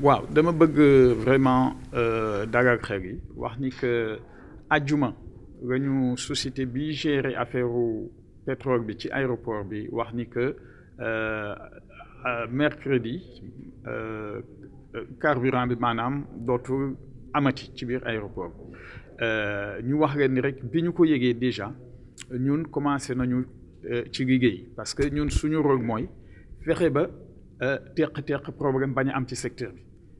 waaw dama bëgg euh, vraiment euh, dagal xel yi wax ni que ajjuma la société bi gérer affaire pétrole bi ci aéroport bi wax ni que euh, mercredi carburant bi manam dootul amati ci biir aéroport ñu wax leen ni rek bi ñu ko yëgee déjà ñun commencé nañu ci liggéey parce que ñun suñu rôle mooy fexe ba teq-teq problème bañ am ci secteur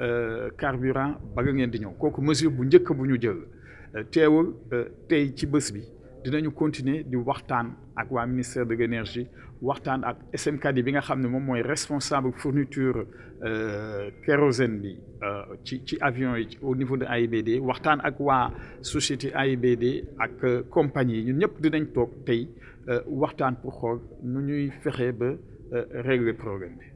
Euh, carburant ba ngeen di ñew koku mesure bu njëkk bu ñu jël euh, teewul euh, tey ci bëss bi dinañu continuer di waxtaan ak wa ministère de l'énergie waxtaan ak SMKD bi nga xam mom moy responsable fourniture kérosène bi ci ci avion yi au niveau de AIBD waxtaan ak wa société AIBD ak compagnie ñun ñëpp dinañ tok tey waxtaan pour xool nu ñuy fexé ba régler problème bi.